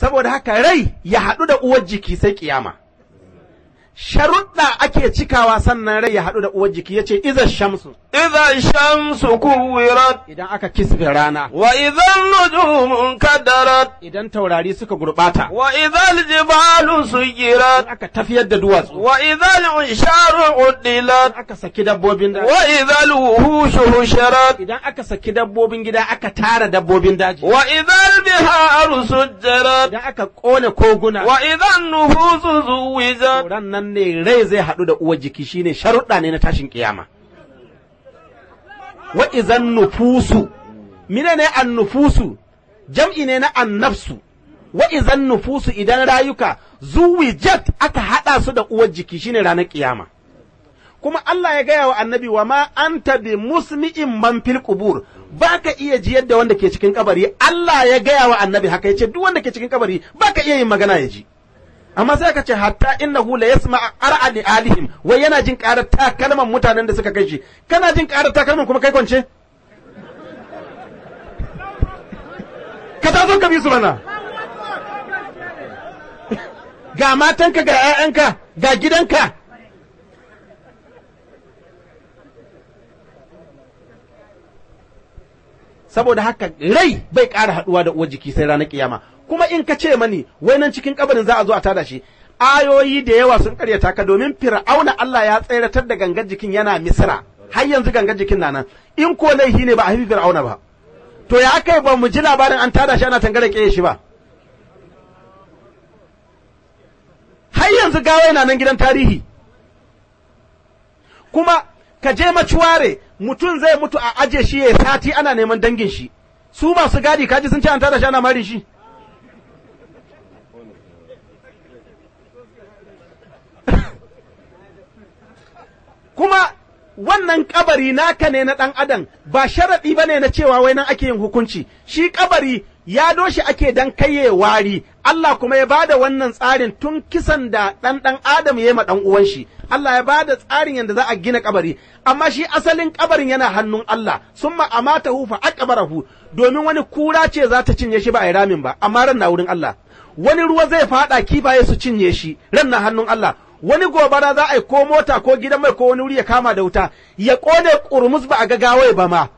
saboda haka rai ya haɗu da uwar jiki sai kiyama sharuɗa ake cikawa sannan rai ya haɗu da uwar jiki ce iza shamsu إذا الشمس كورت إذا أكا كسف رانا وإذا النجوم انكدرت إذا توراري سكا قرباتا وإذا الجبال سيرت أكا تفيد دواز وإذا العشار عدلت أكا سكيدا بوبين وإذا الوحوش هشرت إذا أكا سكيدا بوبين جدا أكا تارا دبوبين داجي وإذا البحار سجرت إذا أكا قول كوغنا وإذا النفوس زوجت ورنن ne rai zai haɗu da uwar jiki shine wa izan nufusu mine ne an nufusu jam'i ne na annafsu wa izan nufusu idan rayuka zuwi jet aka haɗa su da uwar jiki shine ranar kiyama kuma Allah ya gaya wa annabi wa ma anta bi musmi'in man fil qubur baka iya jiyar yadda wanda ke cikin kabari Allah ya gaya wa annabi haka yace duk wanda ke cikin kabari baka iya yin magana ya ji amma sai ka ce hatta hu la yasma ar'a li alihim wai yana jin karar takalman mutanen da suka kai shi kana jin karar takalman kuma kai kwance ka ta zon ka bi su bana. ga matanka ga ƴaƴanka ga gidanka saboda haka rai bai ƙara haɗuwa da uwar jiki sai ranar kiyama kuma in ka ce mani wai nan cikin kabarin za a zo a tada shi ayoyi da yawa sun karyata ka domin fir'auna Allah ya tseratar da gangar jikin yana misra har yanzu gangar jikin na nan in ko laihi ne ba a haifi fir'auna ba to ya kai ba mu ji labarin an tada shi ana tangare ke shi ba har yanzu gawa yana nan gidan tarihi kuma ka je maciware mutum zai mutu a aje shi ya sati ana neman dangin shi su masu gadi kaji sun ce an tada shi ana marin shi kuma wannan kabari naka ne na ɗan adam ba sharaɗi ba ne na cewa wai nan ake yin hukunci shi kabari ya doshi ake dan kaiye wari Allah kuma ya bada wannan tsarin tun kisan da ɗan ɗan adam ya yi ma ɗan uwan shi Allah ya ba da tsarin yadda za a gina kabari amma shi asalin kabarin yana hannun Allah mata hufa fa aqbarahu domin wani kura ce za ta cinye shi ba a yi ramin ba amma ran na wurin Allah wani ruwa zai faɗa kifaye su cinye shi ran na hannun Allah wani gobara za a yi ko mota ko gidan mai ko wani wuri ya kama da wuta ya kone kurmus ba a ga gawaye ba ma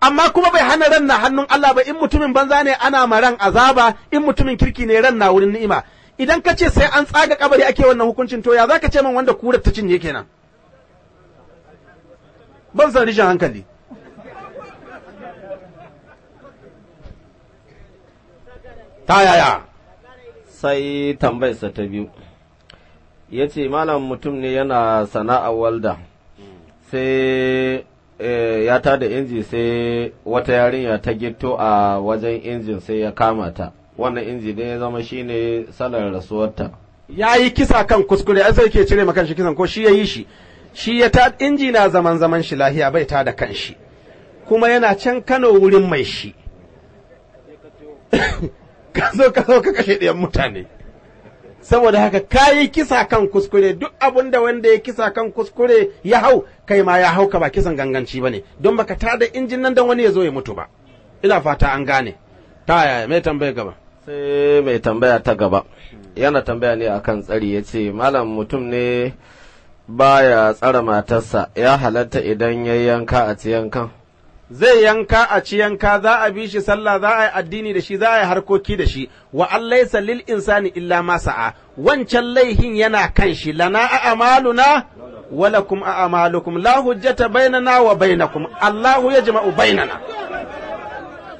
amma kuma bai hana ran na hannun Allah ba in mutumin banza ne ana ma ran azaba in mutumin kirki ne ran na wurin ni'ima idan ka ce sai an tsaga kabari ake wannan hukuncin to ya za ka ce min wanda kurar ta cinye kenan ban san rishin hankali ta yaya sai tambayarsa ta biyu ya ce malam mutum ne yana sana'a walda sai eh, ya ta da inji sai wata yarinya ta gito a wajen injin sai ya kama ta wannan inji ne ya zama shi ne salar rasuwarta ya yi kisa kan kuskure An sai ke cire makan kanshi kisan ko shi ya yi shi shi ya ta inji na zaman zaman shi lahiya bai ta da shi kuma yana can Kano wurin mai shi ka zo ka ka kashe ɗayan mutane saboda haka ka yi kisa kan kuskure duk abun da wanda ya kisa kan kuskure ya hau kai ma ya hau ka ba kisan ganganci ba ne don baka tada injin nan don wani ya zo ya mutu ba ina fata an gane ta yaya mai tambaya gaba sai mai tambaya ta gaba yana tambaya ne akan tsari ya ce malam mutum ne baya tsara matarsa ya halatta idan ya yanka a ci kan. zai yanka a ci yanka za a bi shi sallah za a yi addini da shi za a yi harkoki da shi wa allai salil insani illa ma sa'a wancan laihin yana kan shi lana a amaluna walakum a amalukum la hujjata bainana wa bainakum Allahu ya jima'u bainana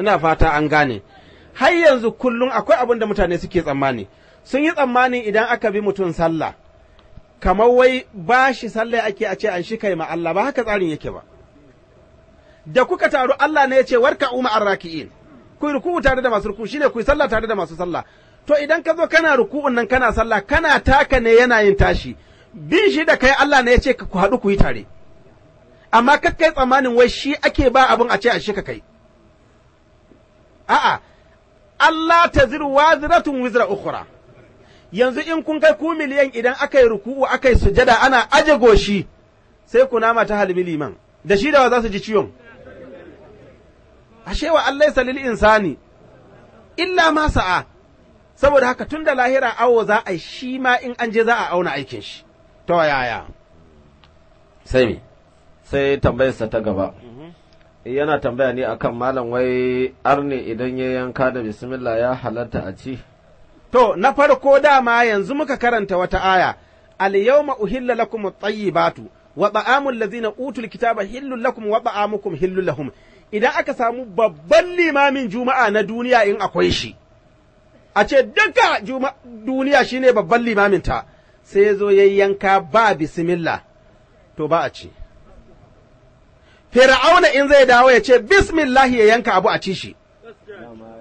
ina fata an gane har yanzu kullum akwai abin da mutane suke tsammani sun yi tsammani idan aka bi mutum sallah kamar wai ba shi sallah ake a ce an shi kai ma Allah ba haka tsarin yake ba da kuka taru Allah ne ya ce warka an arraki'in ku ruku'u tare da masu Shi shine ku sallah tare da masu sallah to idan ka zo kana ruku'un nan kana sallah kana taka ne yana yin tashi bin shi da kai Allah ne ya ce ku haɗu ku yi tare amma kakkai tsammanin wai shi ake ba abin a ce a shi kai a'a Allah ta ziru waziratun wizra ukhra yanzu in kun kai ku miliyan idan aka yi ruku'u aka yi sujada ana aje goshi sai ku nama ta halmi liman da shi da wa za su ji ciwon ashe wa Allah salil insani illa ma sa'a saboda haka tun da lahira awo za a shi ma in an je za a auna aikin shi to yaya sai me sai tambayarsa ta gaba mhm. yana tambaya ne akan malam wai arne idan ya yanka da bismillah ya halarta a ci to na farko dama yanzu muka karanta wata aya al-yawma uhilla lakum at-tayyibatu wa ta'amul ladzina utul kitaba hillul lakum wa ba'amukum hillul lahum idan aka samu babban limamin juma'a na duniya in akwai shi, a ce duka duniya shi ne babban ta, sai zo ya yanka ba bisimilla, to ba a ci. Fir'auna in zai dawo ya ce bismillahi ya yanka abu a ci shi.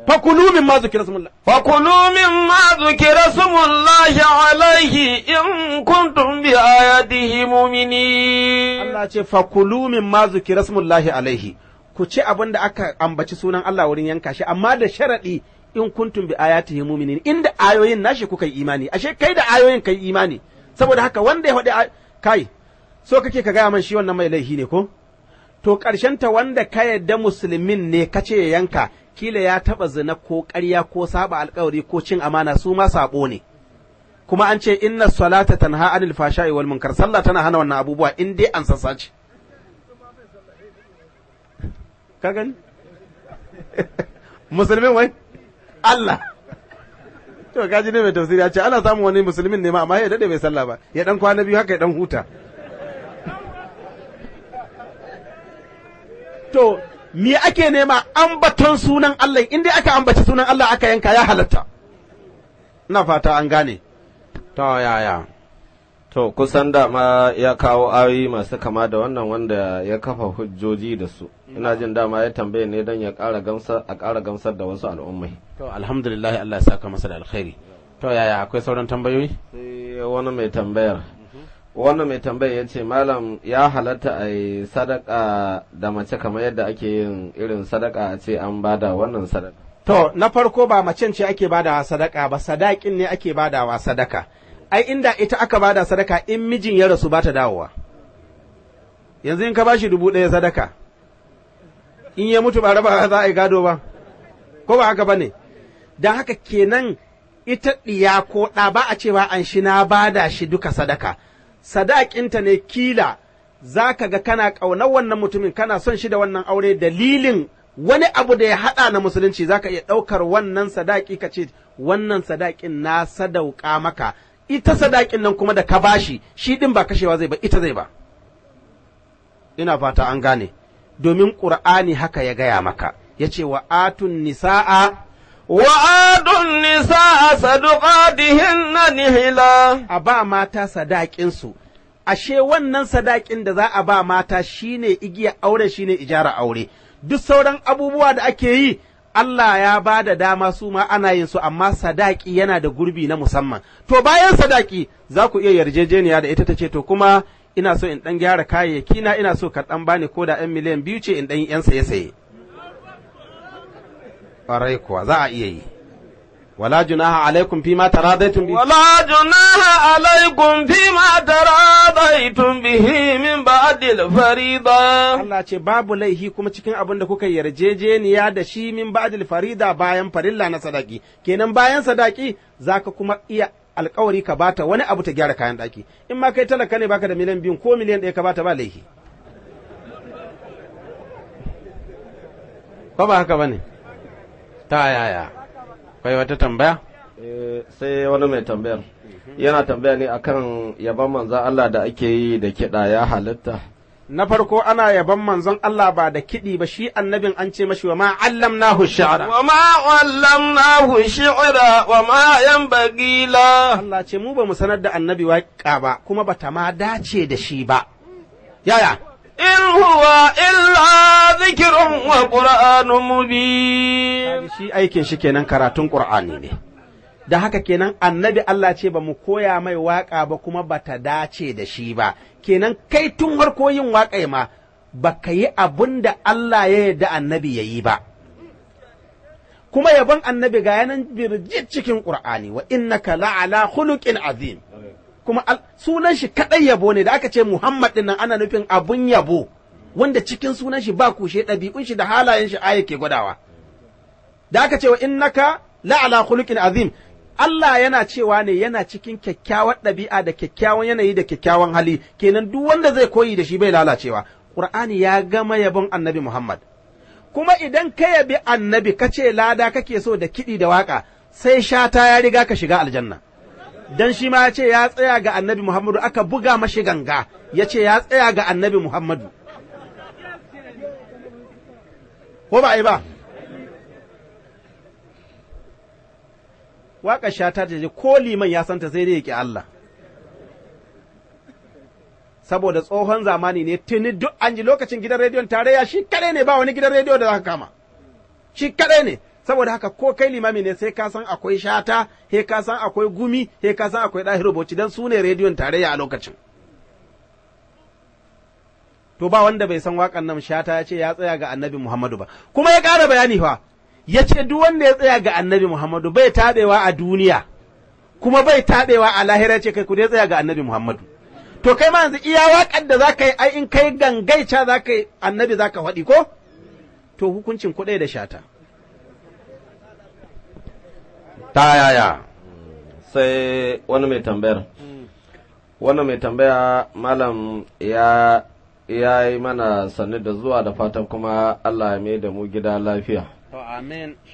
Fakulumin ma zukira sumulla. Fakulumin ma zukira sumulla ya alaihi in kuntum bi ayatihi mumini. Allah ce fakulumin ma zukira sumulla alaihi. ku ci abin da aka ambaci sunan Allah wurin yanka shi amma da sharaɗi in kuntum bi yi mu'minin inda ayoyin nashi kuka yi imani ashe kai da ayoyin kai imani saboda haka wanda ya faɗi kai so kake ka gaya man shi wannan mai laifi ne ko to ta wanda ka yadda musulmin ne ka ce ya yanka kila ya taɓa zina ko ƙarya ko saba alƙawari ko cin amana su ma saɓo ne kuma an ce inna salata tanha anil fasha'i wal munkar sallah tana hana wannan abubuwa in dai an sassa ce ka gani musulmin wai Allah to kaji ne mai tafsiri ya ce ana samun wani musulmin ne ma amma ya dade bai sallah ba ya dan kwana biyu haka ya dan huta to me ake nema ambaton sunan Allah in dai aka ambaci sunan Allah aka yanka ya halatta ina fata an gane to yaya to kusan da ma ya kawo ayoyi masu kama da wannan wanda ya kafa hujjoji da su ina jin dama ya tambaye ne don ya ƙara gamsar a ƙara gamsar da wasu al'ummai to alhamdulillah Allah ya saka masa da alkhairi to yaya akwai sauran tambayoyi sai eh, wani mai tambayar wani mai tambayar ya ce malam ya halatta a yi sadaka da mace kamar yadda ake yin irin sadaka a ce an bada wannan sadaka to na farko ba macen ce ake badawa sadaka ba sadakin ne ake badawa sadaka ai inda ita aka bada sadaka in mijin ya rasu ba ta dawowa yanzu in ka bashi dubu ɗaya sadaka in ya mutu ba raba za a yi gado ba ko ba haka ba ne don haka kenan ita ɗiya ko ɗa ba a cewa an shi na bada shi duka sadaka sadakinta ne kila za ka ga kana ƙaunar wannan mutumin kana son shi da wannan aure dalilin wani abu da ya haɗa na musulunci za ka iya ɗaukar wannan sadaki ka ce wannan sadakin na sadauka maka ita sadakin nan kuma da ka bashi shi ɗin ba kashewa zai ba ita zai ba ina fata an gane domin ƙur'ani haka ya gaya maka ya ce wa atun nisa'a wa'adun nisa'a na nihila a ba mata sadaƙinsu ashe wannan sadaƙin da za a ba mata shine igiya aure shine ijara aure duk sauran abubuwa da ake yi Allah ya ba da dama su ma ana yin su amma sadaƙi yana da gurbi na musamman to bayan sadaƙi za ku iya yarjejeniya da ita ta ce to kuma ina so in ɗan gyara kayayyaki na ina so ka ɗan bani ko da ‘yan miliyan biyu ce in ɗan ‘yan saye-saye. Ƙwarai kuwa za a iya yi. ولا جناح عليكم فيما fi ma ولا جناح عليكم فيما تراضيتم به من بعد الفريضة Allah ce babu laihi kuma cikin abin da kuka yarjejeniya da shi min ba'dil farida bayan farilla na sadaki kenan bayan sadaki zaka kuma iya alkawari ka bata wani abu ta gyara kayan ɗaki in ma kai talaka ne baka da miliyan biyu ko miliyan ɗaya ka bata ba laifi ko ba haka bane ta yaya kai wata tambaya eh, sai wani mai tambayar yana tambaya ne akan yaban manzan Allah da ake yi da kiɗa ya halitta na farko ana yaban manzon Allah ba da kiɗi ba shi annabin an ce mashi wa ma allamnahu shi'ra wa ma allamnahu shi'ra wa ma yanbaghi la Allah ce mu ba mu sanar da annabi waƙa ba kuma ba ta ma dace da shi ba yaya in huwa illa zikrun wa qur'anun mubin shi aikin shi kenan karatun qur'ani ne da haka kenan annabi Allah ce ba mu koya mai waƙa ba kuma ba ta dace da shi ba kenan kai tun harko yin waƙa ma ba ka yi abun da Allah ya yarda annabi ya yi ba kuma yabon annabi ga yanan birjit cikin Kur'ani. wa ka la'ala hulukin azim kuma sunan shi kadai yabo ne da aka ce Muhammad din nan ana nufin abun yabo wanda cikin sunan shi ba kushe ɗabi'un shi da halayen shi aya ke gwadawa da aka ce wa ka la'ala hulukin azim Allah yana cewa ne yana cikin kyakkyawar ɗabi'a da kyakkyawan yanayi da kyakkyawan hali kenan duk wanda zai koyi da shi bai lalacewa Qur'ani ya gama yabon Annabi Muhammad kuma idan ka yabi Annabi ka ce lada kake so da kiɗi da waƙa sai shata ya riga ka shiga aljanna dan shi ma ya ce ya tsaya ga Annabi Muhammadu aka buga mashi ganga ya ce ya tsaya ga Annabi Muhammadu ko ba ai ba waƙar shata ta ko liman ya santa sai dai ya ƙi Allah saboda tsohon zamani ne tuni duk an ji lokacin gidan rediyon tarayya shi kaɗai ne ba wani gidan rediyo da zaka kama shi kaɗai ne saboda haka ko kai limami ne sai ka san akwai shata he ka san akwai gumi he ka san akwai ɗahiru bauci dan su ne rediyon tarayya a lokacin to ba wanda bai san waƙan nan shata ya ce ya tsaya ga annabi muhammadu ba kuma ya ƙara bayani fa ya ce duk wanda ya tsaya ga annabi Muhammadu bai taɓewa a duniya kuma bai taɓewa a lahira ce kai ku dai tsaya ga annabi Muhammadu to kai ma yanzu iya waƙar da za ka yi ai in kai gangaica ka yi annabi ka faɗi ko to hukuncin ku da shata ta yaya sai wani mai tambayar Wani mai tambaya malam ya ya yi mana sannu da zuwa da fatan kuma Allah ya da mu gida lafiya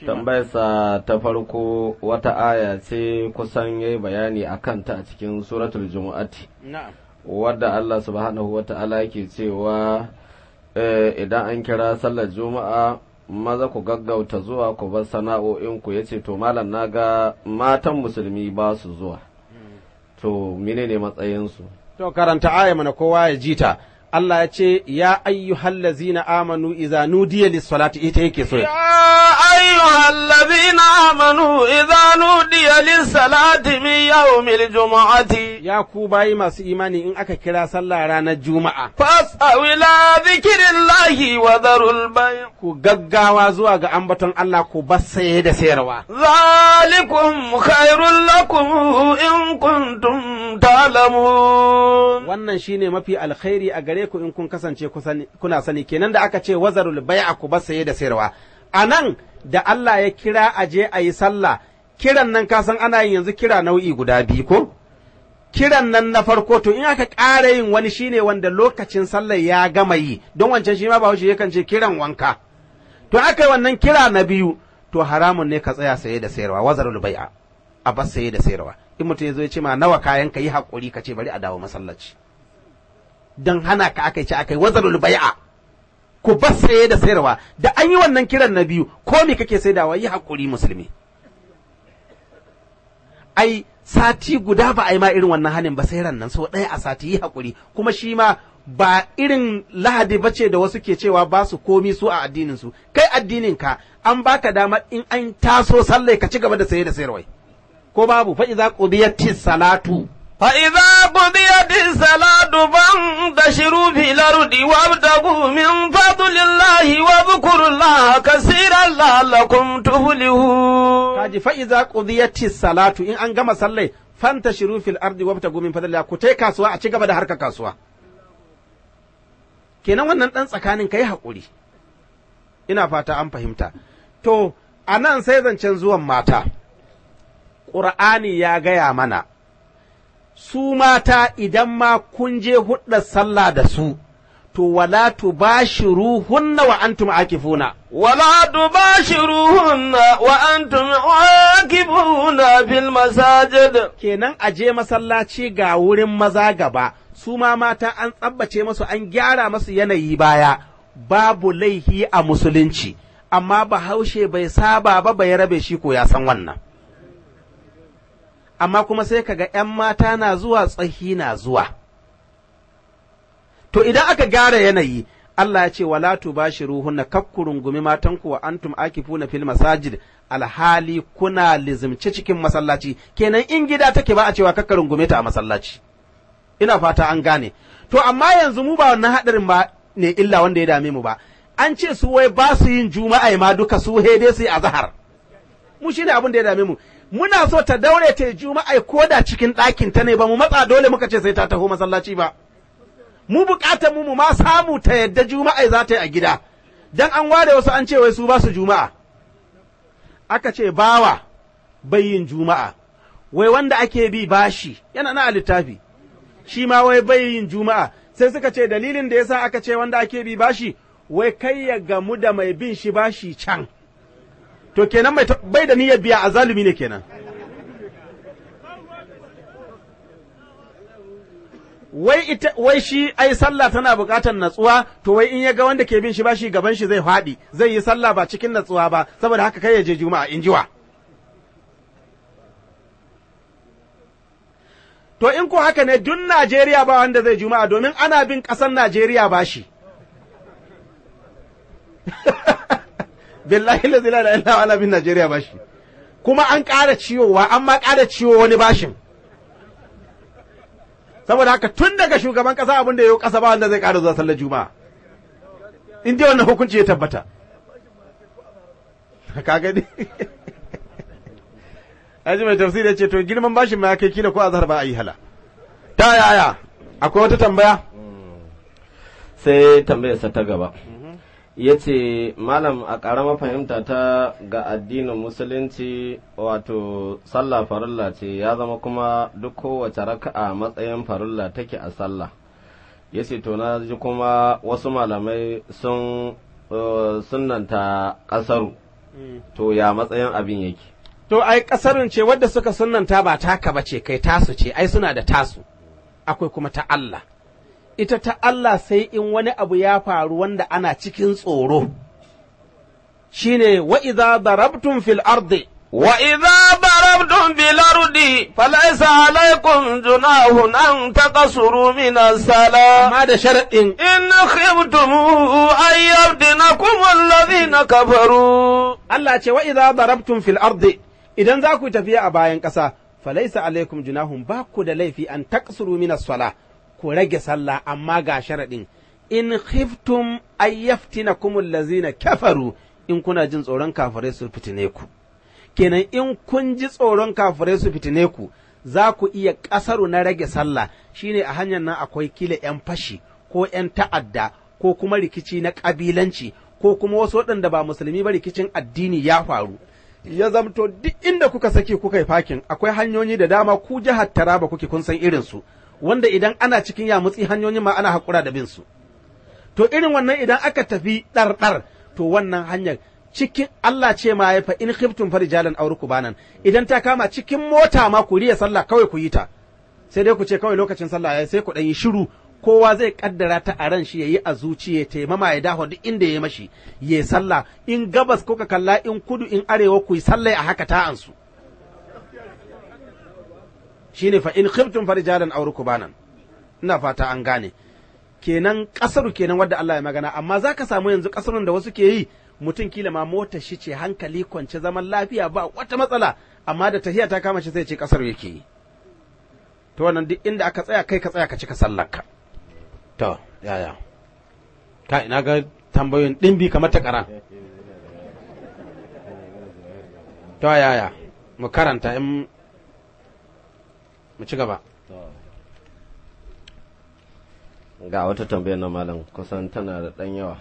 tambayarsa ta farko wata aya ce kusan yayi bayani a kanta a cikin suratul jumu'ati wadda Allah subhanahu wa ta'ala yake cewa eh, idan an kira sallar juma'a maza ku gaggauta zuwa ku bar sana'o'inku ya ce to malam na ga matan musulmi ba su zuwa hmm. to menene matsayinsu to karanta aya mana kowa ya ji ta. Allah ya ce, Ya na amanu iza nudiya lissalati ita yake so. Ya na amanu iza nudiya lissalati min yawmil jumu'ati ya ku bayi masu imani in aka kira sallah ranar juma'a fas'au ila lahi wa zarul ku gaggawa zuwa ga ambaton Allah ku basaye saye da sayarwa zalikum khairul lakum in kuntum talamu. wannan shine mafi alkhairi a gare ku in kun kasance kuna sani kenan da aka ce wazarul bai'a ku ba saye da sayarwa A nan da Allah ya kira aje a yi sallah kiran nan kasan ana yin yanzu kira nau'i guda biyu ko kiran nan na farko to in aka ƙara yin wani shine wanda lokacin sallar ya gama yi don wancan shi ma ba shi yakan ce kiran wanka to aka yi wannan kira na biyu to haramun ne ka tsaya saye da sayarwa wazarul bai'a a bas saye da sayarwa in mutum ya zo ya ce ma nawa kayan ka yi hakuri ka ce bari a dawo masallaci don hana ka aka ce aka yi wazarul bai'a ku bas saye da sayarwa da an yi wannan kiran na biyu ko me kake saidawa yi hakuri musulmi ai sati guda ba a yi ma irin wannan hanin ba sai ran nan so ɗaya a sati yi haƙuri kuma shi ma ba irin lahadi ba ce da wasu ke cewa ba su komi su a addininsu kai addinin ka an baka dama in an taso sallai ka ci gaba da saye da sayarwai ko babu fa iza qudiyatis salatu فإذا قضيت الصلاة فانتشروا في الأرض وابتغوا من فضل الله واذكروا الله كثيرا لعلكم تفلحون كاجي فإذا قضيت الصلاة إن أنجم صلي فانتشروا في الأرض وابتغوا من فضل الله كتي كاسوا أتشيك بدا حركة كاسوا kenan wannan ɗan tsakanin ka yi haƙuri ina fata an fahimta to a nan sai zancen zuwan mata ƙur'ani ya gaya mana su mata idan ma kun je hudda sallah da su to wala tubashiruhunna wa antum akifuna wala tubashiruhunna wa antum akifuna bil masajid kenan aje masallaci ga wurin maza gaba su ma mata an tsabbace masu an gyara masu yanayi baya babu laihi a musulunci amma bahaushe bai saba ba bai rabe shi ko ya san wannan amma kuma sai kaga ‘yan mata na zuwa tsahi na zuwa. To idan aka gara yanayi, Allah ya ce wala tu ruhu ruhunna kakku rungumi matanku wa antum na fil masajid alhali kuna lizimce cikin masallaci kenan in gida take ba a cewa kaka rungumi ta a masallaci ina fata an gane to amma yanzu mu ba wannan haɗarin ba ne illa wanda ya dame mu ba an ce su wai ba su yin juma'a ma duka su hede su mu shine abin ya dame mu muna so ta daure ta yi juma'a ko da cikin ɗakin ta ne ba mu matsa dole muka ce sai ta taho masallaci ba mu buƙatar mu mu ma samu ta yadda juma'a za ta yi a gida dan an ware wasu an ce wai su ba su juma'a aka ce bawa bai yin juma'a wai wanda ake bi bashi yana na littafi shi ma wai bai yin juma'a sai suka ce dalilin da yasa aka ce wanda ake bi bashi wai kai ya gamu da mai bin shi bashi can to kenan bai da niyyar biya a zalumi ne kenan wai ita wai shi ai sallah tana buƙatar natsuwa to wai in ya ga wanda ke bin shi bashi gaban shi zai faɗi zai yi sallah ba cikin natsuwa ba saboda haka kai ya je juma'a in jiwa to in ko haka ne duk Najeriya ba wanda zai juma'a domin ana bin ƙasar Najeriya bashi billahi la ilaha illa ana bin Najeriya bashi kuma an ƙara ciwowa an ma ƙara ciwo wani bashin saboda haka tun daga shugaban ƙasa abin da ya yi ƙasa ba wanda zai ƙara zuwa sallar juma'a in dai wannan hukunci ya tabbata ka gani aji mai tafsiri ya ce to girman bashin ma kai kila ko azhar ba a yi hala ta yaya akwai wata tambaya mm. sai tambayarsa ta gaba ya ce malam a ƙarama fahimta ta ga addinin musulunci wato sallah farilla ce ya zama kuma duk kowace raka'a matsayin farilla take a sallah ya ce to na ji kuma wasu malamai sun uh, sunanta ƙasaru mm. to ya matsayin abin yake to ai ƙasarun ce wadda suka sunanta ba taka ba ce kai tasu ce ai suna da tasu akwai kuma ta Allah ita ta Allah sai in wani abu ya faru wanda ana cikin tsoro Shi ne wa'iza darabtum fil ardi Wa'iza idza darabtum fil ardi falaysa alaykum junahun an taqsuru min as-salah amma da sharadin in khiftum an yabdinakum na kafaru Allah ce wa'iza idza darabtum fil ardi idan za ku tafiya a bayan ƙasa falaisa alaikum junahun ba ku da laifi an taqsuru min as ku rage sallah amma ga sharaɗin in hiftun khiftum ayyaftina kumul lazina kafaru in kuna jin tsoron kafirai su fitine ku kenan in kun ji tsoron kafirai su fitine ku za ku iya ƙasaru na rage sallah shine a hanyar nan akwai kila 'yan fashi ko 'yan ta'adda ko kuma rikici na ƙabilanci ko kuma wasu waɗanda ba musulmi ba rikicin addini ya faru ya zamto duk inda kuka sake kuka yi fakin akwai hanyoyi da dama ku jihar taraba kuke kun san irinsu wanda idan ana cikin yamutsi hanyoyin ma ana haƙura da bin su to irin wannan idan aka tafi ɗarɗar to wannan hanyar cikin Allah ce ma ya fa in khiftum farijalan aw rukbanan idan ta kama cikin mota ma ku riya sallah kawai ku yi ta sai dai ku ce kawai lokacin sallah ya sai ku dan yi shiru kowa zai kaddara ta a ran shi yayi a zuciya taimama ya dawo duk inda ya mashi ya sallah in gabas kuka kalla in kudu in arewa ku yi sallah a haka ta ansu Shi shine fa in khiftum farijalan aw rukbanan ina fata an gane kenan ƙasar kenan wadda Allah ya magana amma za ka samu yanzu kasarun da wasu ke yi mutum kila ma mota shi ce hankali kwance zaman lafiya ba wata matsala amma da tahiya ta kama shi sai ce kasaru yake yi to wannan duk inda aka tsaya kai ka tsaya ka cika sallarka to yaya ka ina ga tambayoyin dimbi kamar ta kara to yaya mu karanta in mu ci gaba ga wata tambayar na malam kusan tana da ɗan yawa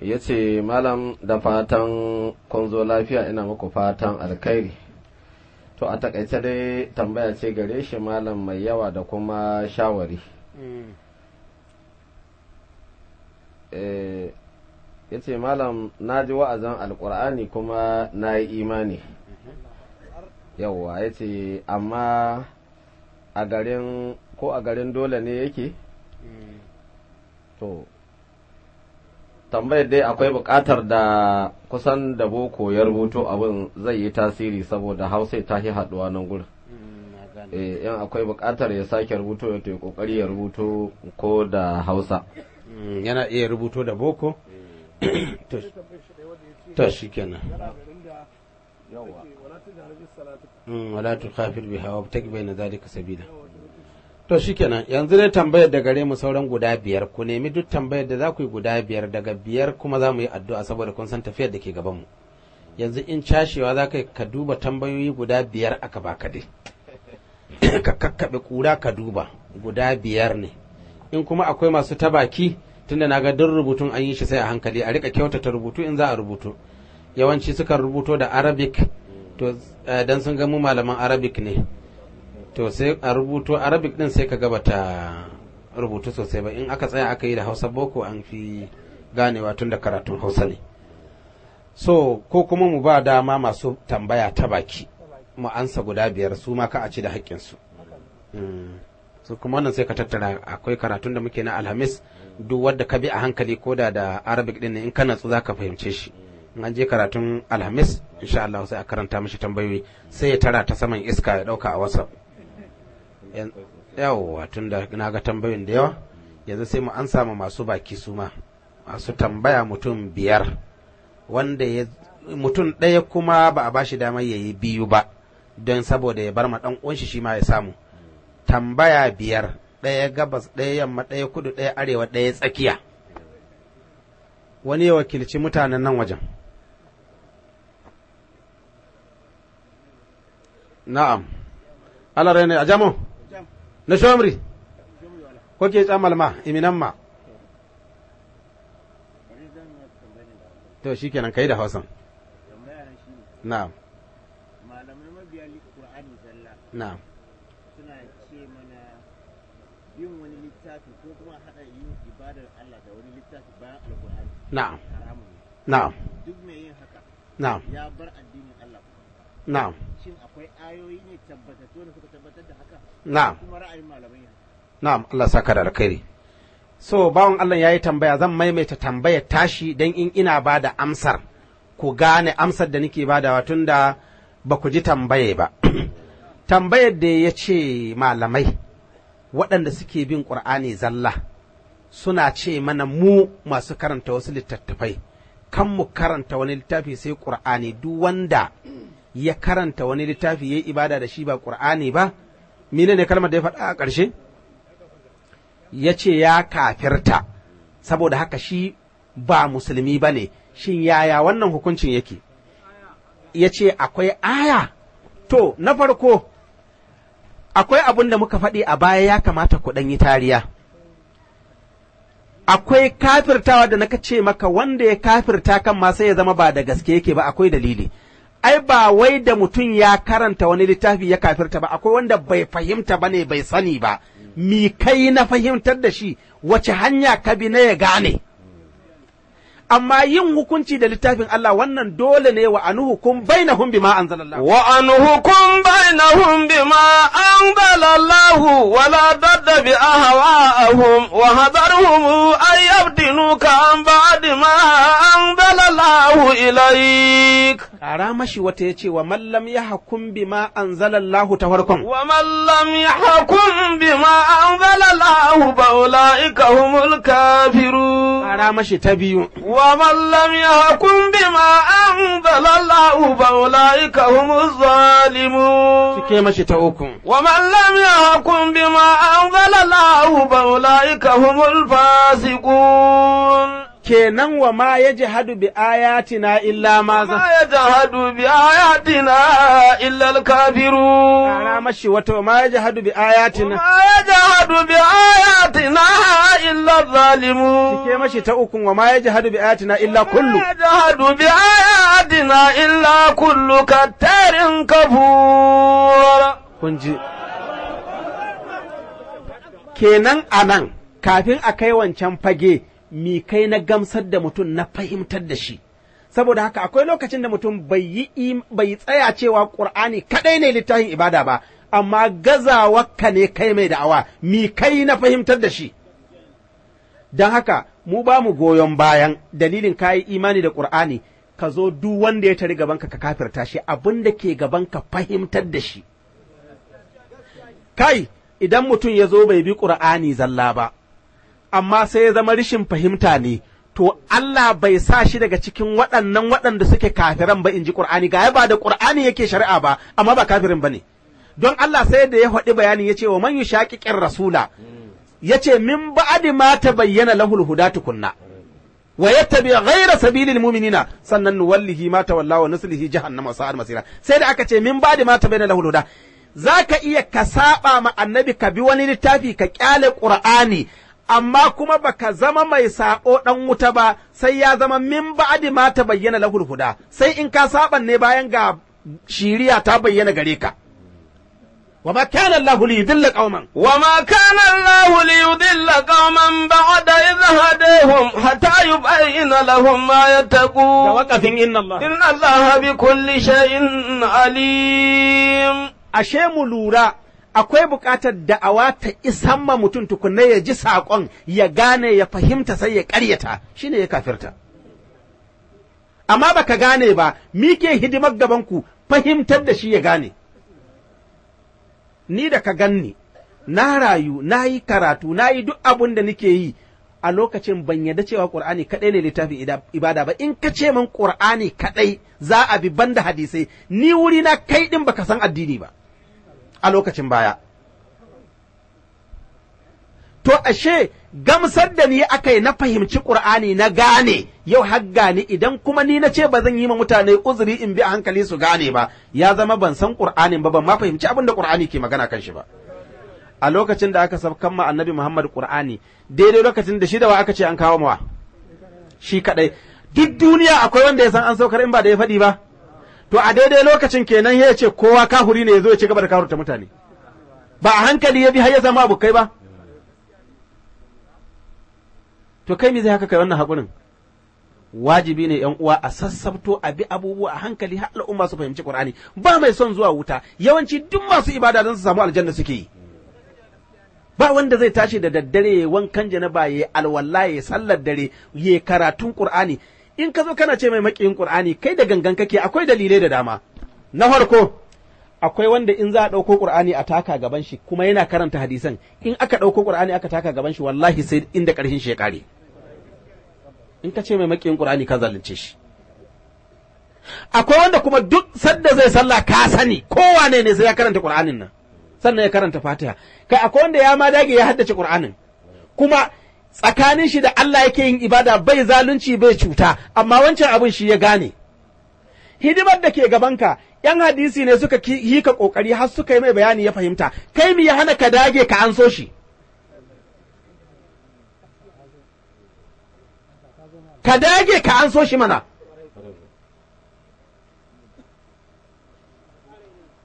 ya ce malam da fatan kun lafiya ina muku fatan alkhairi to a takaice dai tambaya ce gare shi malam mai yawa da kuma shawari eh, ya ce malam na ji wa'azan alkur'ani kuma na yi imani yawwa ya ce amma a garin ko a garin dole ne yake to tambayar dai akwai bukatar da kusan da boko ya rubuto abin zai yi tasiri saboda hausa ta yi haɗuwa nan gurin eh, in akwai bukatar ya sake rubuto ya teku ƙoƙari ya rubuto ko da hausa mm, yana iya rubuto da boko eh. to shi kenan Hmm. wala tukafir biha wa tak bayna zalika sabila to shikenan yanzu ne tambayar da gare mu sauran guda biyar ku nemi duk tambayar da za ku yi guda biyar daga biyar kuma za mu yi addu'a saboda kun san tafiyar da ke gaban mu yanzu in cashewa za ka ka duba tambayoyi guda biyar aka baka dai ka kakkaɓe kura ka duba guda biyar ne in kuma akwai masu tabaki tunda na ga duk rubutun an yi shi sai a hankali a rika kyautata rubutu in za a rubutu yawanci sukan rubuto da arabic to eh, dan sun ga malaman arabic ne to sai a rubuto arabic din sai ka gaba ta rubutu sosai ba in aka tsaya aka yi da hausa boko an fi ganewa tun da karatun hausa ne so ko kuma mu ba dama masu tambaya ta baki mu ansa guda biyar su ma ka a ci da haƙƙinsu mm. su kuma wannan sai ka tattara akwai karatun da muke na alhamis duk wadda ka bi a hankali ko da da arabic din ne in ka natsu za ka fahimce shi an je karatun alhamis insha Allah sai a karanta mishi tambayoyi sai ya tara ta saman iska ya dauka a wasa yawwa tun da na ga tambayoyin da yawa yanzu sai mu an samu masu baki su ma masu tambaya mutum biyar wanda ya mutum ɗaya kuma ba a bashi dama ya yi biyu ba don saboda ya bar ma ɗan uwanshi shi ma ya samu tambaya biyar ɗaya gabas ɗaya yamma ɗaya kudu ɗaya arewa ɗaya tsakiya wani ya wakilci mutanen nan wajen na'am ala rene ajamo na shomri ko ke tsamal ma iminan ma to shi kenan kai da Hausan na'am malamai mabiya Qur'ani zalla na'am suna ce mana yin wani littafi ko kuma haɗa yin ibadar Allah da wani littafi bayan alkur'ani na'am na'am duk mai yin haka na'am ya bar addinin Allah na'am ayoyi na'am na'am Allah saka da alkhairi so bawan Allah yayi tambaya zan maimaita tambayar tashi dan in ina bada amsar ku gane amsar da nake badawa tunda ba ku ji tambaye ba tambayar da ya ce malamai waɗanda suke bin ƙur'ani zalla suna ce mana mu masu karanta wasu littattafai kan mu karanta wani littafi sai ƙur'ani duk wanda ya karanta wani littafi ya yi ibada da shi ba ƙur'ani ba mine ne kalmar da ya faɗa a ƙarshe ya ce ya kafirta saboda haka shi ba musulmi ba ne shin yaya wannan hukuncin yake ya ce akwai aya to na farko akwai abin da muka faɗi a baya ya kamata ku ɗanyi tariya akwai kafirtawa da naka ce maka wanda ya kafirta kan masu ya zama ba da gaske yake ba akwai dalili ai ba wai da mutum ya karanta wani littafi ya kafirta ba akwai wanda bai fahimta ba ne bai sani ba mi kai na fahimtar da shi wace hanya ka bi na ya gane amma yin hukunci da littafin Allah wannan dole ne wa anuhu kun bainahum bima anzalallahu wa anuhu kun bainahum bima anzalallahu wa la dadda bi ahwa'ahum wa a ay yabdinuka an ba'd ma anzalallahu ilaik kara mashi wata yace wa man lam yahkum bima anzalallahu ta farkon wa man lam yahkum bima anzalallahu ba ulaika humul kafirun fassara mashi ta biyu. Wa mallam ya hakun bi ma'an zalallahu ba ula'ika humu zalimu. Cike mashi ta uku. Wa mallam ya hakun bi ma'an zalallahu ba ula'ika humul fasikun. kenan wa ma ya jihadu bi ayatina illa ma za. Ma ya jihadu bi ayatina illa al-kafiru. Kara mashi wato ma ya jihadu bi ayatina. Ma ya jihadu bi ayatina illa zalimu. Cike mashi ta ukun wa ma ya jihadu bi ayatina illa kullu. Ma ya jihadu bi ayatina illa kullu katarin kafur. Kun ji. Kenan anan kafin a kai wancan fage. mi kai na gamsar da mutum na fahimtar da shi saboda haka akwai lokacin da mutum bai yi tsaya cewa ƙur'ani kaɗai ne littafin ibada ba amma gazawarka ne kai mai da'awa mi kai na fahimtar da shi don haka mu ba mu goyon bayan dalilin kayi imani da ƙur'ani, ka zo duk wanda ya tari gabanka ka kafirta shi abin da ke gabanka fahimtar da shi kai idan mutum ya zo bai bi ƙur'ani zalla ba amma sai ya zama rishin fahimta ne to Allah bai sa shi daga cikin waɗannan waɗanda suke kafiran ba in ji Ƙur'ani ga ba da Ƙur'ani yake shari'a ba amma ba kafirin ba ne don Allah sai da ya faɗi bayani ya ce wa man yushaqiqir rasula ya ce min ba'adi ma bayyana lahul huda tukunna wa yattabi ghayra sabilil mu'minina sannan nuwallihi ma tawalla wa nuslihi jahannama sa'ad masira sai da aka ce min ba'adi ma bayyana lahul huda zaka iya ka saba ma annabi ka bi wani littafi ka kyale Ƙur'ani amma kuma baka zama mai saƙo ɗan wuta ba sai ya zama min ba'adi ma ta bayyana lahul huda sai in ka saban ne bayan ga shiriya ta bayyana gare ka wa ma kana Allah li yudilla qauman wa ma kana Allah li yudilla qauman ba'da idh hadahum hatta yubayyana lahum ma yattaqun da waqafin inna Allah inna Allah bi kulli shay'in alim ashe mu lura akwai buƙatar da'awa ta isan ma mutum tukunna ya ji saƙon ya gane ya fahimta sai ya ƙaryata ne ya kafirta amma baka gane ba mike hidimar gabanku fahimtar da shi ya gane ni da ka ganni na rayu na yi karatu na yi duk abin da nike yi a lokacin ban yarda cewa Qur'ani kaɗai ne littafin ibada ba in ka ce min Qur'ani kaɗai za a bi banda hadisai ni wuri na kai ɗin baka san addini ba a lokacin baya. To, ashe, gamsar da ni aka yi na fahimci ƙur'ani na gane, yau har gane idan kuma ni na ce ba zan yi ma mutane uzuri in bi a hankali su gane ba, ya zama ban san ƙur'anin ba, ban ma fahimci abin da ƙur'ani ke magana kan shi ba. A lokacin da aka saukan ma annabi Muhammad ƙur'ani, daidai lokacin da shi da wa aka ce an kawo mawa, shi kaɗai. Duk duniya akwai wanda ya san an saukar in ba da ya faɗi ba, to a daidai lokacin kenan ya ce kowa kahuri ne ya zo ya ci gaba da kahurta mutane ba a hankali ya bi har ya zama abokai ba to kai me zai haka kai wannan haƙurin wajibi ne yan uwa a sassabto a bi abubuwa a hankali har al'umma su fahimci Qur'ani ba mai son zuwa wuta yawanci duk masu ibada don su samu aljanna suke yi ba wanda zai tashi da daddare wankan janaba ya alwala ya sallar dare ya karatun Qur'ani in ka zo kana ce mai maƙiyin Ƙur'ani kai da gangan kake akwai dalilai da dama na farko akwai wanda in za a ɗauko Ƙur'ani a taka gaban shi kuma yana karanta hadisan in aka ɗauko Ƙur'ani aka taka gaban shi wallahi sai inda ƙarshen shi ya ƙare in ka ce mai maƙiyin Ƙur'ani ka zalunce shi akwai wanda kuma duk sanda zai sallah ka sani wane ne sai ya karanta Qur'anin nan sannan ya karanta Fatiha kai akwai wanda ya ma dage ya haddace Qur'anin kuma tsakanin shi da Allah yake yin ibada bai zalunci bai cuta amma wancan abin shi ya gane hidimar da ke gabanka yan hadisi ne suka yi ka kokari har suka yi mai bayani ya fahimta kai mi ya hana ka dage ka an so shi ka dage ka an so shi mana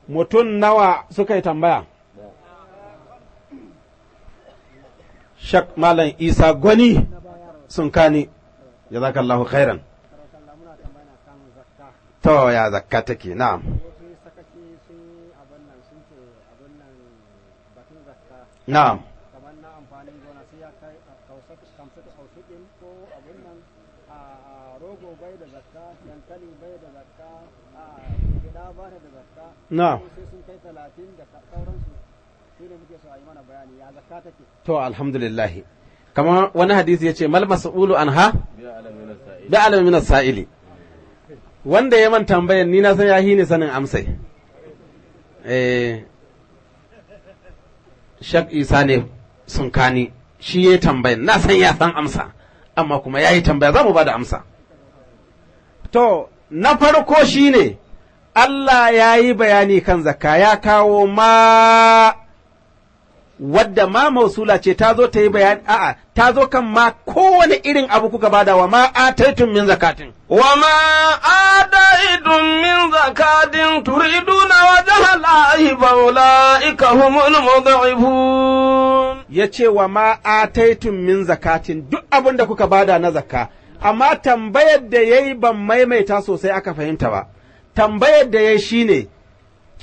mutum nawa suka yi tambaya shak malam isa gwani sun kani jazakallahu khairan to ya zakka take na'am na'am na'am to alhamdulillah kamar wani hadisi ya ce mal mas'ulu anha bi alamin minas sa'ili wanda ya man tambayan ni na san ya hini sanin amsai eh shak isa ne sun kani shi ya tambaya na san ya san amsa amma kuma ya yi tambaya za mu ba da amsa to na farko shine Allah ya yi bayani kan zakka ya kawo ma wadda ma mausula ce ta zo ta yi bayani a'a ta zo kan ma kowane irin abu kuka bada wa ma ataitum min zakatin wa ma ataitum min zakatin turiduna wajha lahi faulaika humul mudhibun yace wa ma ataitum min zakatin duk abin da kuka bada na zakka amma tambayar da yayi ban maimaita sosai aka fahimta ba tambayar da yayi shine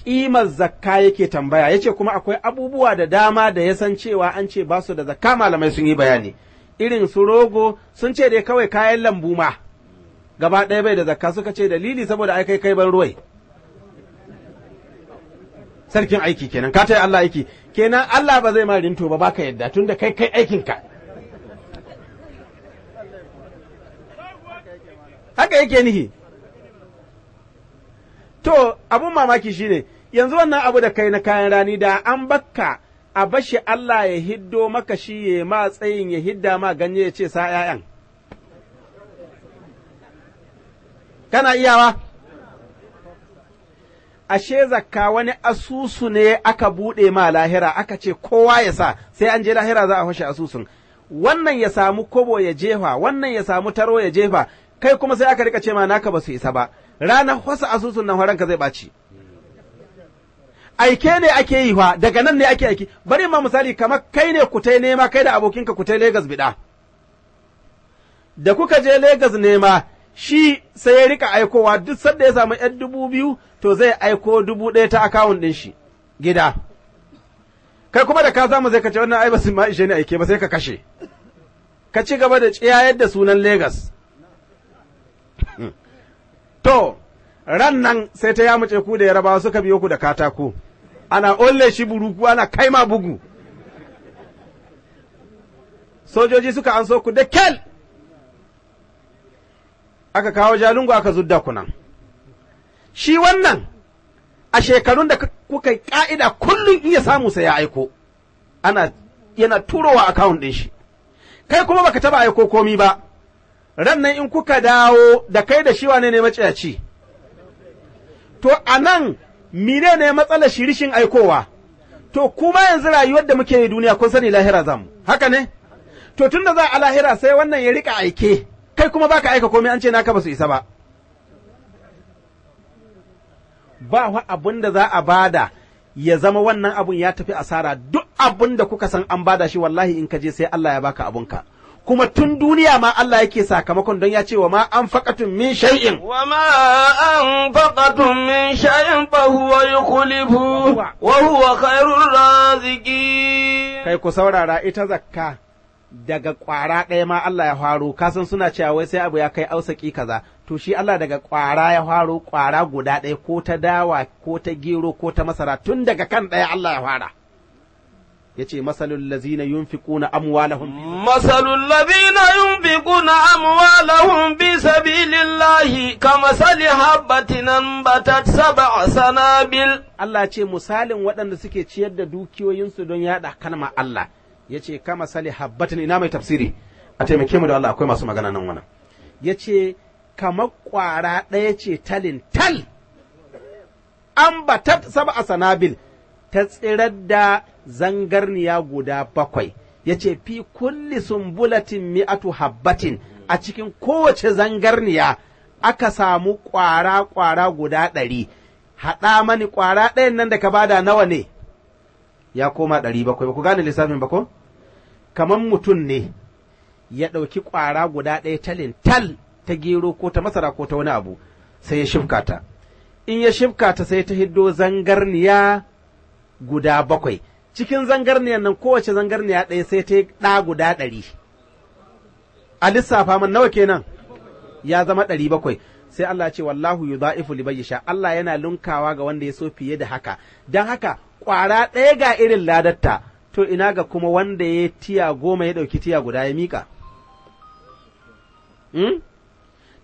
ƙimar zakka yake tambaya ya ce kuma akwai abubuwa da dama da ya san cewa an ce ba su da zakka malamai sun yi bayani irin su rogo sun ce dai kawai kayan lambu ma gaba ɗaya bai da zakka suka ce dalili saboda ai kai kai ban ruwai sarkin aiki kenan ka taya Allah aiki kenan Allah ba zai ma rinto ba baka yadda tunda kai kai aikin ka haka yake nihi To, abun mamaki shi ne, yanzu wannan abu da kai na kayan rani da an bakka a bashi Allah ya hiddo maka shi ya ma tsayin ya hidda ma ganye ya ce sa ‘ya'yan. Kana iyawa? Ashe zakka wani asusu ne aka buɗe ma lahira aka ce kowa ya sa sai an je lahira za a hushe asusun. Wannan ya samu kobo ya jefa, wannan ya samu taro ya jefa, kai kuma sai aka rika ce ma naka ba su isa ba. ranar wasu asusun nan ranka zai ɓaci aike ne ake yi fa daga nan ne ake aiki bari ma misali kamar kai ne kutai nema kai da abokinka ku tai Legas biɗa. da kuka je Legas nema shi sai ya rika aikowa duk sanda ya samu ‘yan dubu biyu to zai aiko dubu ɗaya ta akawun ɗin shi gida. Kai kuma da ka samu zai kace wannan ai ba su ma ishe ne aike ba sai ka kashe. Ka ci gaba da tsiyayar da sunan Legas. to ran nan sai ta yamuce ku da yarabawa suka biyo ku da katako ana olle shi buruku ana kai ma bugu sojoji suka anso ku da kyal aka kawo jalungu aka zudda nan shi wannan a shekarun da kuka ƙa'ida kullum iya samu sai ya aiko ana yana turowa akawun ɗin shi kai kuma baka taba aiko komi ba ran nan in kuka dawo da kai da shi wane ne maciyaci to a nan mine ne matsalar shirishin aikowa to kuma yanzu rayuwar da muke yi duniya kun sani lahira zamu haka ne to tunda za a lahira sai wannan ya rika aike kai kuma baka aika komai an ce naka ba su isa ba ba wa abin da za a bada ya zama wannan abun ya tafi asara duk abin da kuka san an bada shi wallahi in ka je sai Allah ya baka abunka kuma tun duniya ma Allah yake sakamakon don ya ce wa ma an faƙatun min shay'in wa ma an faƙatun min shay'in fa huwa yukhlifu wa huwa khairur raziqi kai ku saurara ita zakka daga ƙwara ɗaya ma Allah ya haro kasan suna cewa wai sai abu ya kai ausaki kaza to shi Allah daga ƙwara ya faru ƙwara guda ɗaya ko ta dawa ko ta gero ko ta masara tun daga kan ɗaya Allah ya fara yace masalul lazina yunfiquna amwalahum masalul lazina yunfiquna amwalahum fi sabilillahi kamasali habatin anbatat sab'a sanabil Allah ce misalin waɗanda suke ciyar da dukiyoyinsu don yaɗa kalma Allah Ya ka masali habatin ina mai tafsiri a taimake mu da Allah akwai masu magana nan wannan ce kamar ƙwara ɗaya ce talin tal ambatat sab'a a sanabil ta tsirar da zangarniya guda bakwai ya ce fi kulli sumbulatin mi'atu habbatin a cikin kowace zangarniya aka samu ƙwara-ƙwara guda ɗari haɗa mani ƙwara ɗayan nan da ka bada nawa ne ya koma ɗari bakwai ba ku gane lissafin bako kamar mutum ne ya ɗauki ƙwara guda ɗaya talin tal ta gero ko ta masara ko ta wani abu sai ya shifka ta in ya shifka ta sai ta hiddo zangarniya guda bakwai cikin zangarniyar nan kowace zangarniya ɗaya sai ta ɗa guda ɗari a lissafa man nawa kenan ya zama ɗari bakwai sai Allah ce wallahu yudha'ifu liman sha Allah yana lunkawa ga wanda ya so fiye da haka dan haka ƙwara ɗaya ga irin ladatta to ina ga kuma wanda ya tiya goma ya ɗauki tiya guda ya mika hmm?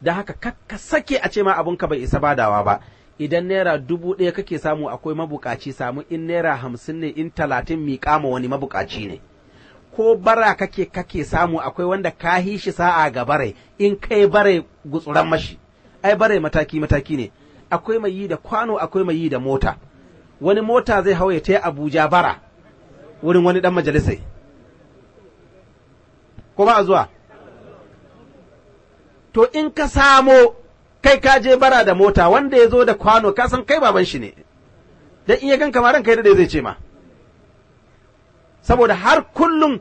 da haka kakka sake a ce ma abun ka bai isa badawa ba idan naira dubu ɗaya kake samu akwai mabukaci samu in naira hamsin ne in talatin miƙa ma wani mabukaci ne ko bara kake kake samu akwai wanda ka shi sa'a ga bare in kai bare gutsuran mashi ai bare mataki mataki ne akwai mai yi da kwano akwai mai yi da mota wani mota zai hau ya ta abuja bara wurin wani dan majalisai ko ba zuwa to in ka samo kai ka je bara da mota wanda ya zo da kwano ka san kai baban shi ne dan in ya ganka ma ranka da zai ce ma saboda har kullum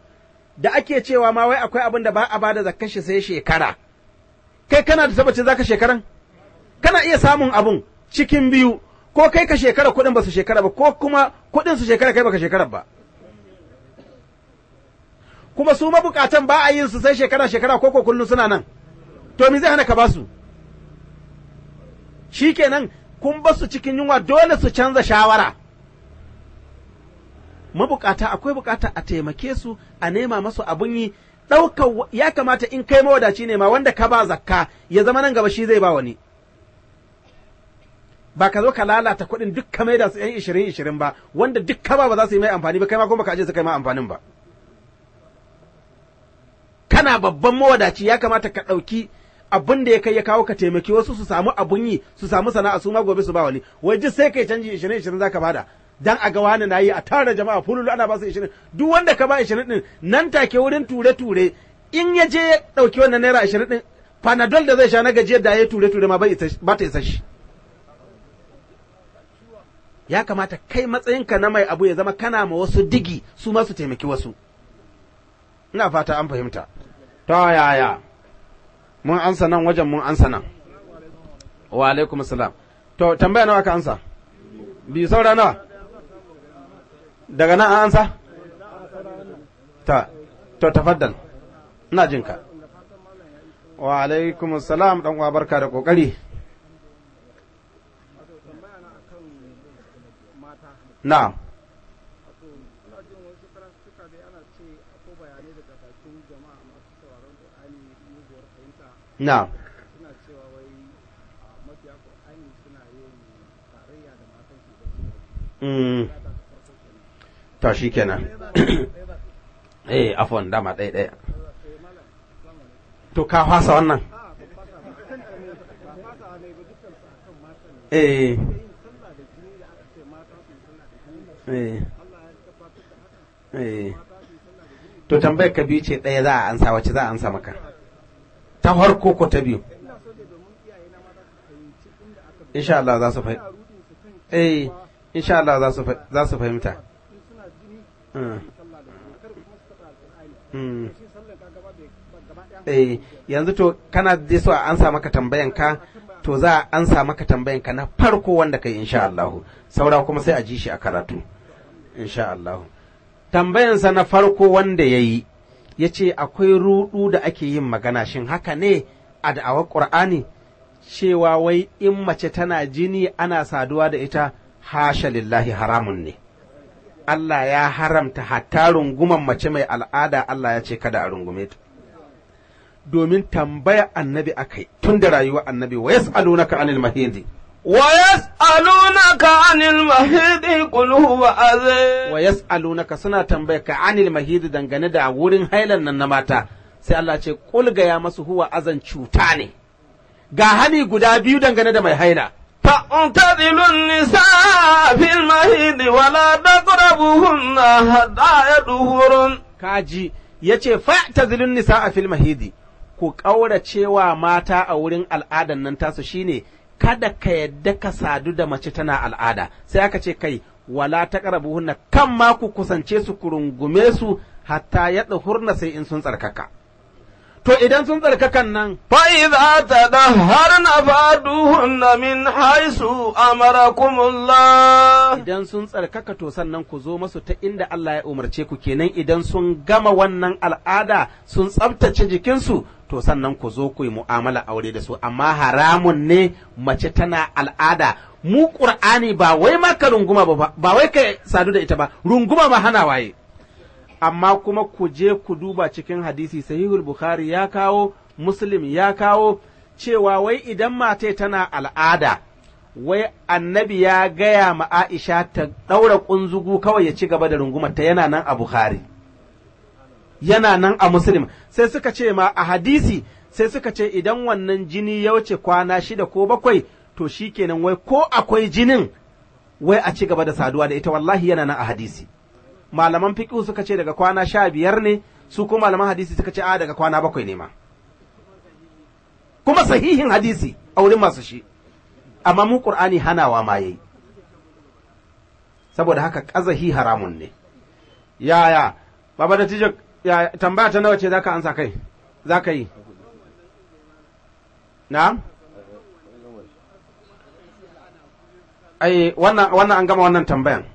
da ake cewa ma wai akwai abin da ba a bada zakka shi sai shekara kai kana da tabbacin zaka shekaran kana iya samun abun cikin biyu ko kai ka shekara kuɗin ba su shekara ba ko kuma kuɗin su shekara kai baka shekara ba kuma su mabukatan ba a yin su sai shekara shekara ko ko kullum suna nan to me zai hana ka ba su shikenan kun ba su cikin yunwa dole su canza shawara mabukata akwai bukata a taimake su a nema masu abin yi ɗaukar ya kamata in kai mawadaci ne ma wanda ka ba zakka ya zama nan gaba shi zai ba wani ba ka zo ka lalata kuɗin duk ka maida su yan ishirin ishirin ba wanda duk ka ba ba za su yi mai amfani ba kai ma kuma ka aje su kai ma amfanin ba kana babban mawadaci ya kamata ka ɗauki abin da ya kai ya kawo ka taimaki wasu su samu abun yi su samu sana'a su ma gobe su ba wani wai sai kai canji 20 20 zaka bada dan a ga na yi a tara jama'a fululu ana ba su 20 duk wanda ka ba 20 din nan take wurin ture ture in ya je ya dauki wannan naira 20 din panadol da zai sha na gajiyar da ya ture ture ma ba ta isa shi ya kamata kai matsayinka na mai abu ya zama kana ma wasu digi su ma su taimaki wasu ina fata an fahimta ta yaya mun ansa nan wajen mun ansa nan wa alaikum salam to tambaya nawa ka ansa bi saura nawa daga nan an ansa ta to tafaddal ina jin ka wa alaikum salam dan uwa barka da kokari na'am na mm. ta shi kenan eh afon dama ɗaya ɗaya to ka fasa wannan eh. Eh. eh to tambayar ka biyu ce ɗaya za a ansa wacce za a ansa maka ta farko ko ta biyu insha Allah za su fahimta eh insha Allah za su fahimta hmm. Hmm. eh yanzu to kana je so a sa maka tambayan ka to za a sa maka tambayan ka na farko wanda kai insha Allah saura kuma sai a ji shi a karatu insha Allah tambayansa na farko wanda yayi ya ce akwai rudu da ake yin magana shin haka ne a da'awar ƙur'ani cewa wai in mace tana jini ana saduwa da ita hasha lillahi haramun ne Allah ya haramta hatta runguman mace mai al'ada Allah ya ce kada a rungume ta domin tambaya annabi akai tun da rayuwa annabi wa yas'alunaka anil mahidi ويسألونك عن المهيد قل هو أذى ويسألونك سنة تنبيك عن المهيد دنگane da wurin hailan nan na mata sai Allah ce kul masu huwa azan cuta ne ga hani guda biyu dangane da mai haila النساء في المهيد ولا تقربوهن حتى يدهرن كاجي yace fa'tazilun النساء في المهيد ku ƙaura cewa mata a wurin al'adan nan tasu shine kada ka yadda ka sadu da mace tana al'ada sai aka ce kai wala ta buhunna kan ma ku kusance su kurungume su hatta ya hurna sai in sun tsarkaka to idan sun tsarkakan nan. Faizata ta da har na faduhun min haisu amarakumullah. Idan sun tsarkaka to sannan ku zo masu ta inda Allah ya umarce ku kenan idan sun gama wannan al'ada sun tsabtace jikinsu to sannan ku zo ku yi mu'amala aure da su amma haramun ne mace tana al'ada mu ƙur'ani ba wai maka runguma ba ba wai ka sadu da ita ba runguma ma hana waye. amma kuma ku je ku duba cikin hadisi sahihul bukhari ya kawo muslim ya kawo cewa wai idan mate tana al'ada wai annabi ya gaya ma aisha ta ɗaura ƙunzugu kawai ya ci gaba da rungumarta yana nan a bukhari yana nan a muslim sai suka ce ma a hadisi sai suka ce idan wannan jini ya wuce kwana shida ko bakwai to shi kenan wai ko akwai jinin wai a ci gaba da saduwa da ita wallahi yana nan a hadisi malaman fiƙi suka ce daga kwana sha biyar ne su kuma malaman hadisi suka ce a daga kwana bakwai ne ma kuma sahihin hadisi a wurin masu shi amma mu ƙur'ani hanawa ma yayi saboda haka ƙazahi haramun ne yaya baba da tijo ya tambaya ta nawa ce zaka ansa kai zaka yi na'am ai wannan wannan an gama wannan tambayan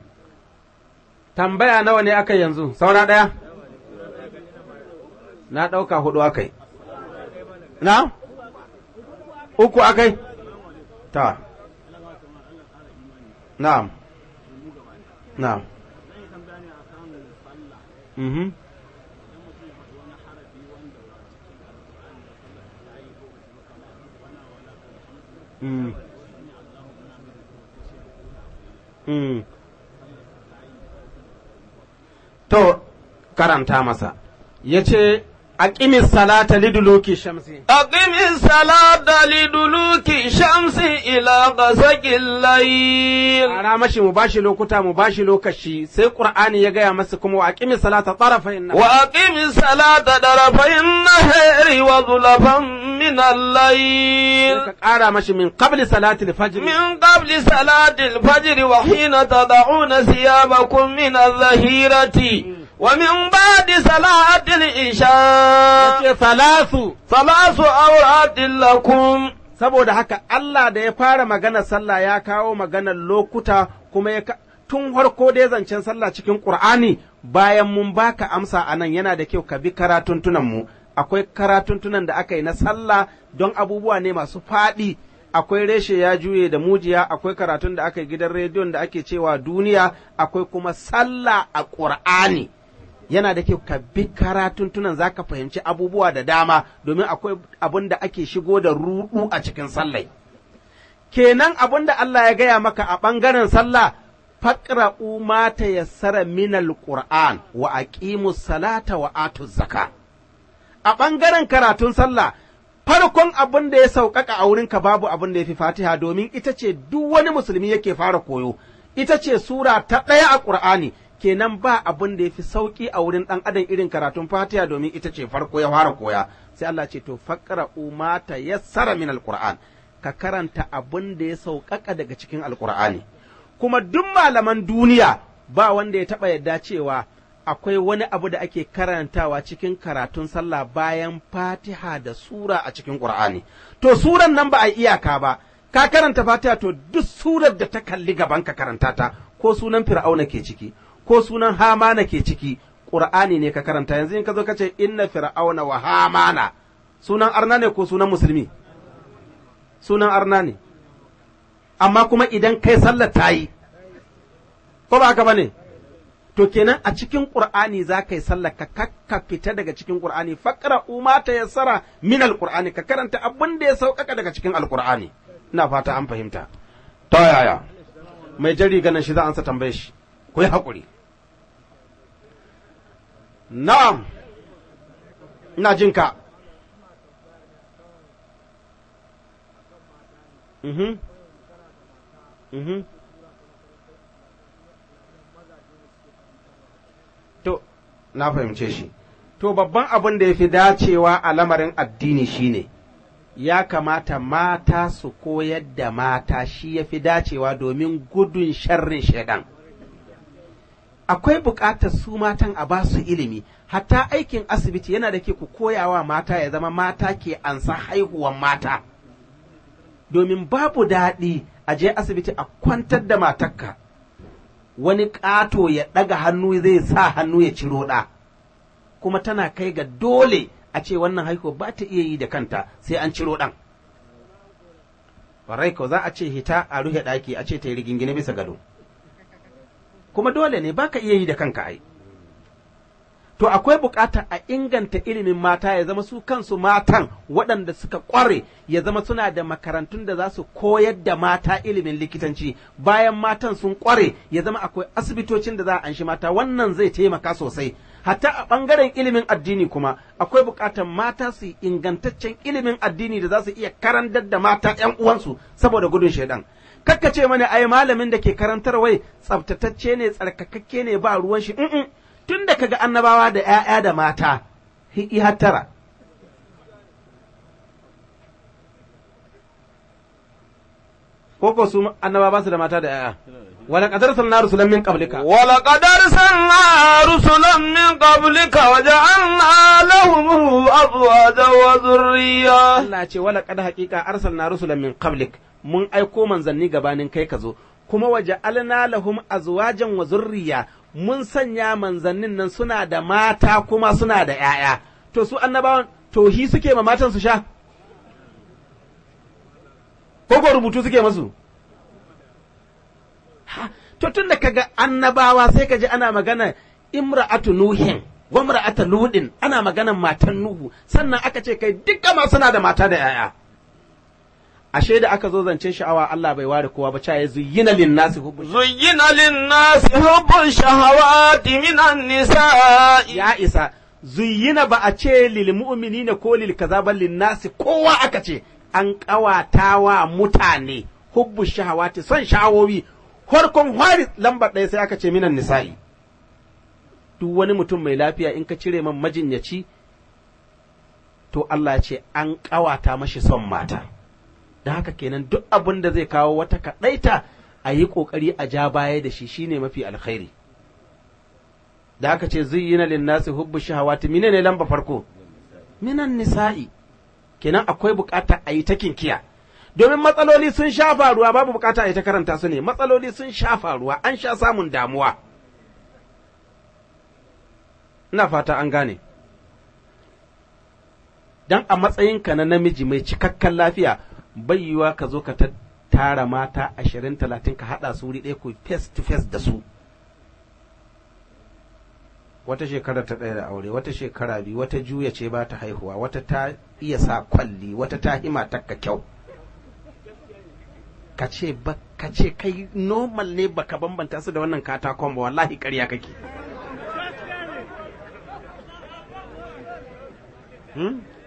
tambaya nawa ne aka yanzu saura ɗaya na ɗauka hudu akai na uku akai ta Na. Na. mhm Mm. Mm. to karanta masa ya ce أقم الصلاة لدلوك الشمس أقم الصلاة لدلوك الشمس إلى غسق الليل أنا ماشي مباشي لو كتا مباشي لو كشي سي قرآن يغيا مسكم وأقم الصلاة طرفي النهار وأقم الصلاة طرفي النهار وظلفا من الليل أنا ماشي من قبل صلاة الفجر من قبل صلاة الفجر وحين تضعون ثيابكم من الظهيرة ومن بعد صلاة العشاء ثلاث ثلاث أوراد لكم saboda haka Allah da ya fara maganar sallah ya kawo maganar lokuta kuma ya tun harko dai zancen sallah cikin Qur'ani bayan mun baka amsa a nan yana da kyau ka bi karatuntunan mu akwai karatuntunan da aka yi na sallah don abubuwa ne masu faɗi akwai reshe ya juye da mujiya akwai karatun da aka yi gidan rediyon da ake cewa duniya akwai kuma sallah a ƙur'ani yana da kyau ka bi karatun tunan za ka fahimci abubuwa da dama domin akwai abin da ake shigo da ruɗu a cikin sallai. Kenan abin da Allah ya gaya maka a ɓangaren sallah faƙra'u ta yassara minal Qur'an wa aqimu salata wa atu zaka. A ɓangaren karatun sallah farkon abin da ya sauƙaƙa a wurinka babu abin da ya fi fatiha domin ita ce duk wani musulmi yake fara koyo, ita ce sura ta ɗaya a Ƙur'ani. kenan ba abin da ya fi sauƙi a wurin ɗan adam irin karatun fatiha domin ita ce farko ya fara koya sai Allah ce to fakara umata tsara min alƙur'an ka karanta abin da ya sauƙaƙa daga cikin alƙur'ani kuma duk malaman duniya ba wanda ya taɓa yadda cewa akwai wani abu da ake karantawa cikin karatun sallah bayan fatiha da sura a cikin ƙur'ani to suran nan ba a iyaka ba ka karanta fatiha to duk surar da ta kalli gaban ka karanta ta ko sunan fir'auna ke ciki ko sunan hamana ke ciki ƙur'ani ne ka karanta yanzu in ka zo ka inna fir'auna wa hamana sunan arna ne ko sunan musulmi sunan arna ne amma kuma idan kai sallar ta yi ko ba haka bane to kenan a cikin qur'ani za ka yi sallar ka kakka fita daga cikin qur'ani faqra uma ta yassara min alqur'ani ka karanta abin da ya sauƙaƙa daga cikin alqur'ani ina fata an fahimta ta yaya mai jari ganin shi za an sa tambaye shi ku yi haƙuri na'am ina jin mhm. Mhm. to na fahimce shi to babban abin da ya fi dacewa a lamarin addini shine ya kamata mata su koyar da mata shi ya fi dacewa domin gudun sharrin shaidan. akwai buƙatar su matan a ba su ilimi hatta aikin asibiti yana da ke ku koyawa mata ya zama mata ke ansa haihuwan mata domin babu daɗi a je asibiti a kwantar da matakka wani ƙato ya ɗaga hannu zai sa hannu ya ciro ɗa kuma tana kai ga dole a ce wannan haihuwa ba ta iya yi da kanta sai an ciro ɗan. Farai za a ce hita a ruhe ɗaki a ce ta yi rigingine bisa gado. kuma dole ne baka iya yi da kanka ai to akwai bukatar a inganta ilimin mata ya zama su kansu matan waɗanda suka ƙware ya zama suna da makarantun da za su koyar da mata ilimin likitanci bayan matan sun ƙware ya zama akwai asibitocin da za a anshi mata wannan zai taimaka sosai hatta a ɓangaren ilimin addini kuma akwai buƙatar mata su yi ingantaccen ilimin addini da za su iya karantar da mata ‘yan uwansu saboda gudun shaidan kakka ce mani ai malamin da ke karantar wai tsabtatacce ne tsarkakakke ne ba ruwan shi in tun da kaga annabawa da ‘ya’ya da mata hi hattara ko ko su annaba ba su da mata da ‘ya’ya wala kadar sun naru min kablika wala kadar sun naru min kablika waje an alahumu abuwa da wazuriya Allah ce wala kadar hakika arsal naru sulan min kablika mun aiko manzanni gabanin kai ka zo kuma waje alna lahum azwajan wa zurriya mun sanya manzannin nan suna da mata kuma suna da ‘ya'ya, to su annabawan tohi suke ma matan su sha? kogon rubutu suke masu? Ha, to tun da kaga annabawa sai ka ji ana magana imra'atu nuhin, wa imra'atu ludin, ana maganan matan nuhu, sannan aka ce kai duka ma suna da mata da ‘ya'ya. ashe da aka zo zancen sha'awa Allah bai ware kowa ba cewa zuyyina lin nasi hubbu zuyyina lin nasi hubbu shahawati minan nisa ya isa zuyyina ba a ce lil ne ko lil kaza ba lin nasi kowa aka ce an kawatawa mutane hubbu shahawati son sha'awowi Harkon hwari lambar ɗaya sai aka ce minan nisa'i duk wani mutum mai lafiya in ka cire man majinyaci to Allah ya ce an kawata mashi son mata da haka kenan duk abin da zai kawo wata kaɗaita a yi ƙoƙari a ja baya da shi shine mafi alkhairi da haka ce na linnasi hubbu shahawati mine ne lamba farko minan nisa'i kenan akwai bukata a yi ta kinkiya domin matsaloli sun sha faruwa babu bukata a yi ta karanta su ne matsaloli sun sha faruwa an sha samun damuwa ina fata an gane dan a matsayinka na namiji mai cikakken lafiya bayyuwa ka zo ka tara mata ashirin talatin ka haɗa su wuri ɗaya ku face to face da su wata shekara ta ɗaya da aure wata shekara biyu wata juya ce ba ta haihuwa wata ta iya sa kwalli wata ta hima takka kyau ka ce ba ka ce kai normal ne baka bambanta su da wannan katakon ba wallahi karya kake hmm?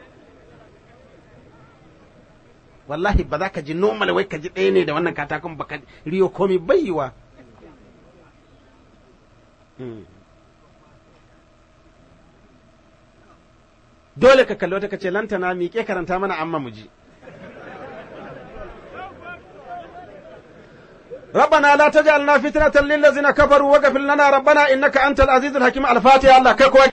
wallahi ba za ka ji normal wai ka ji ɗaya ne da wannan katakon baka riyo komi bayiwa hmm. dole ka kalli wata ka ce lantana miƙe karanta mana amma mu ji ربنا لا تجعلنا فتنة للذين كفروا وقف لنا ربنا إنك أنت العزيز الحكيم الفاتحة الله كيكوك